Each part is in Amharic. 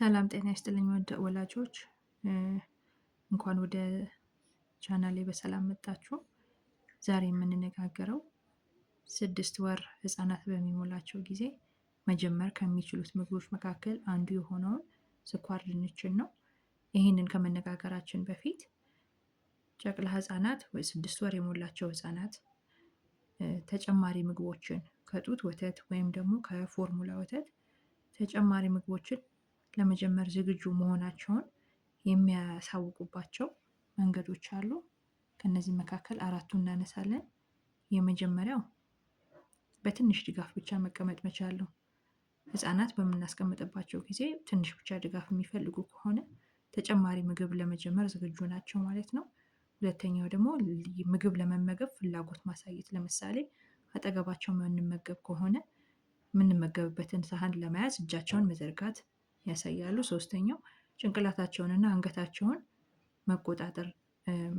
ሰላም ጤና ይስጥልኝ ውድ ወላጆች፣ እንኳን ወደ ቻናሌ በሰላም መጣችሁ። ዛሬ የምንነጋገረው ስድስት ወር ህጻናት በሚሞላቸው ጊዜ መጀመር ከሚችሉት ምግቦች መካከል አንዱ የሆነውን ስኳር ድንችን ነው። ይህንን ከመነጋገራችን በፊት ጨቅላ ህጻናት ወይ ስድስት ወር የሞላቸው ህጻናት ተጨማሪ ምግቦችን ከጡት ወተት ወይም ደግሞ ከፎርሙላ ወተት ተጨማሪ ምግቦችን ለመጀመር ዝግጁ መሆናቸውን የሚያሳውቁባቸው መንገዶች አሉ። ከነዚህ መካከል አራቱን እናነሳለን። የመጀመሪያው በትንሽ ድጋፍ ብቻ መቀመጥ መቻል ህጻናት በምናስቀምጥባቸው ጊዜ ትንሽ ብቻ ድጋፍ የሚፈልጉ ከሆነ ተጨማሪ ምግብ ለመጀመር ዝግጁ ናቸው ማለት ነው። ሁለተኛው ደግሞ ምግብ ለመመገብ ፍላጎት ማሳየት፣ ለምሳሌ አጠገባቸው የምንመገብ ከሆነ የምንመገብበትን ሳህን ለመያዝ እጃቸውን መዘርጋት ያሳያሉ። ሶስተኛው ጭንቅላታቸውንና አንገታቸውን መቆጣጠር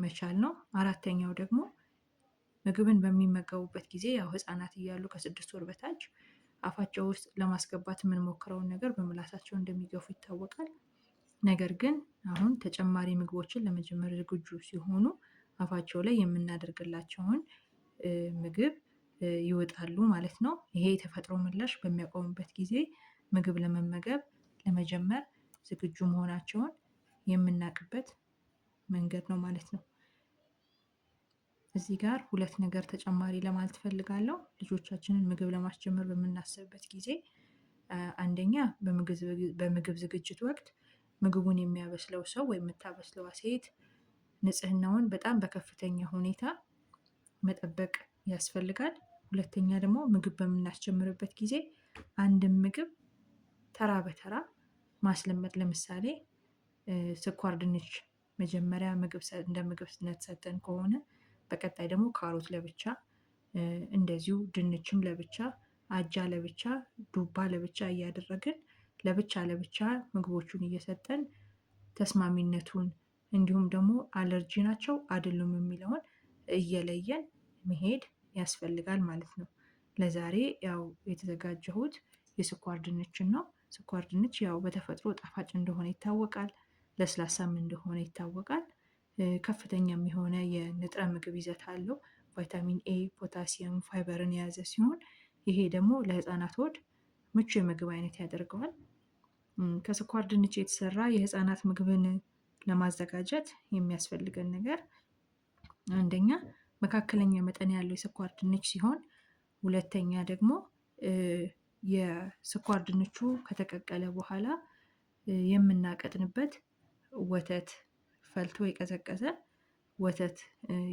መቻል ነው። አራተኛው ደግሞ ምግብን በሚመገቡበት ጊዜ ያው ህፃናት እያሉ ከስድስት ወር በታች አፋቸው ውስጥ ለማስገባት የምንሞክረውን ነገር በምላሳቸው እንደሚገፉ ይታወቃል። ነገር ግን አሁን ተጨማሪ ምግቦችን ለመጀመር ዝግጁ ሲሆኑ አፋቸው ላይ የምናደርግላቸውን ምግብ ይወጣሉ ማለት ነው። ይሄ የተፈጥሮ ምላሽ በሚያቆምበት ጊዜ ምግብ ለመመገብ ለመጀመር ዝግጁ መሆናቸውን የምናውቅበት መንገድ ነው ማለት ነው። እዚህ ጋር ሁለት ነገር ተጨማሪ ለማለት እፈልጋለሁ። ልጆቻችንን ምግብ ለማስጀመር በምናስብበት ጊዜ አንደኛ በምግብ ዝግጅት ወቅት ምግቡን የሚያበስለው ሰው ወይም የምታበስለዋ ሴት ንጽህናውን በጣም በከፍተኛ ሁኔታ መጠበቅ ያስፈልጋል። ሁለተኛ ደግሞ ምግብ በምናስጀምርበት ጊዜ አንድን ምግብ ተራ በተራ ማስለመድ። ለምሳሌ ስኳር ድንች መጀመሪያ እንደ ምግብነት ሰጠን ከሆነ በቀጣይ ደግሞ ካሮት ለብቻ፣ እንደዚሁ ድንችም ለብቻ፣ አጃ ለብቻ፣ ዱባ ለብቻ እያደረግን ለብቻ ለብቻ ምግቦቹን እየሰጠን ተስማሚነቱን እንዲሁም ደግሞ አለርጂ ናቸው አይደሉም የሚለውን እየለየን መሄድ ያስፈልጋል ማለት ነው። ለዛሬ ያው የተዘጋጀሁት የስኳር ድንችን ነው። ስኳር ድንች ያው በተፈጥሮ ጣፋጭ እንደሆነ ይታወቃል። ለስላሳም እንደሆነ ይታወቃል። ከፍተኛም የሆነ የንጥረ ምግብ ይዘት አለው። ቫይታሚን ኤ፣ ፖታሲየም፣ ፋይበርን የያዘ ሲሆን ይሄ ደግሞ ለህፃናት ወድ ምቹ የምግብ አይነት ያደርገዋል። ከስኳር ድንች የተሰራ የህፃናት ምግብን ለማዘጋጀት የሚያስፈልገን ነገር አንደኛ መካከለኛ መጠን ያለው የስኳር ድንች ሲሆን ሁለተኛ ደግሞ የስኳር ድንቹ ከተቀቀለ በኋላ የምናቀጥንበት ወተት ፈልቶ የቀዘቀዘ ወተት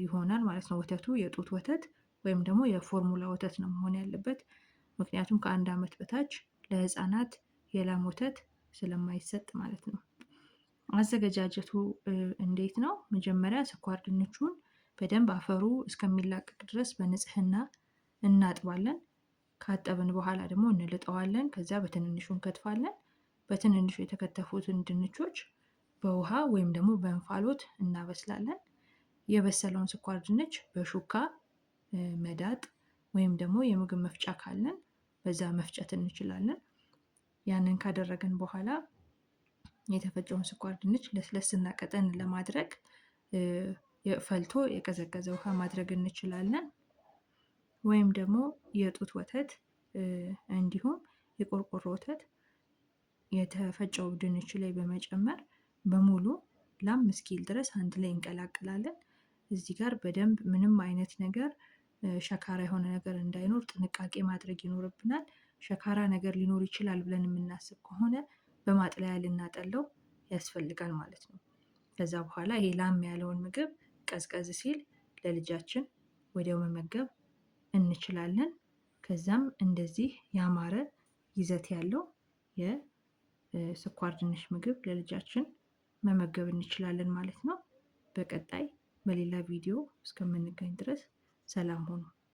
ይሆናል ማለት ነው። ወተቱ የጡት ወተት ወይም ደግሞ የፎርሙላ ወተት ነው መሆን ያለበት። ምክንያቱም ከአንድ ዓመት በታች ለህፃናት የላም ወተት ስለማይሰጥ ማለት ነው። አዘገጃጀቱ እንዴት ነው? መጀመሪያ ስኳር ድንቹን በደንብ አፈሩ እስከሚላቀቅ ድረስ በንጽህና እናጥባለን። ካጠብን በኋላ ደግሞ እንልጠዋለን። ከዚያ በትንንሹ እንከትፋለን። በትንንሹ የተከተፉትን ድንቾች በውሃ ወይም ደግሞ በእንፋሎት እናበስላለን። የበሰለውን ስኳር ድንች በሹካ መዳጥ ወይም ደግሞ የምግብ መፍጫ ካለን በዛ መፍጨት እንችላለን። ያንን ካደረግን በኋላ የተፈጨውን ስኳር ድንች ለስለስ እና ቀጠን ለማድረግ ፈልቶ የቀዘቀዘ ውሃ ማድረግ እንችላለን። ወይም ደግሞ የጡት ወተት እንዲሁም የቆርቆሮ ወተት የተፈጨው ድንች ላይ በመጨመር በሙሉ ላም ስኪል ድረስ አንድ ላይ እንቀላቅላለን። እዚህ ጋር በደንብ ምንም አይነት ነገር ሸካራ የሆነ ነገር እንዳይኖር ጥንቃቄ ማድረግ ይኖርብናል። ሸካራ ነገር ሊኖር ይችላል ብለን የምናስብ ከሆነ በማጥለያ ልናጠለው ያስፈልጋል ማለት ነው። ከዛ በኋላ ይሄ ላም ያለውን ምግብ ቀዝቀዝ ሲል ለልጃችን ወዲያው መመገብ እንችላለን። ከዛም እንደዚህ ያማረ ይዘት ያለው የስኳር ድንች ምግብ ለልጃችን መመገብ እንችላለን ማለት ነው። በቀጣይ በሌላ ቪዲዮ እስከምንገኝ ድረስ ሰላም ሆኑ።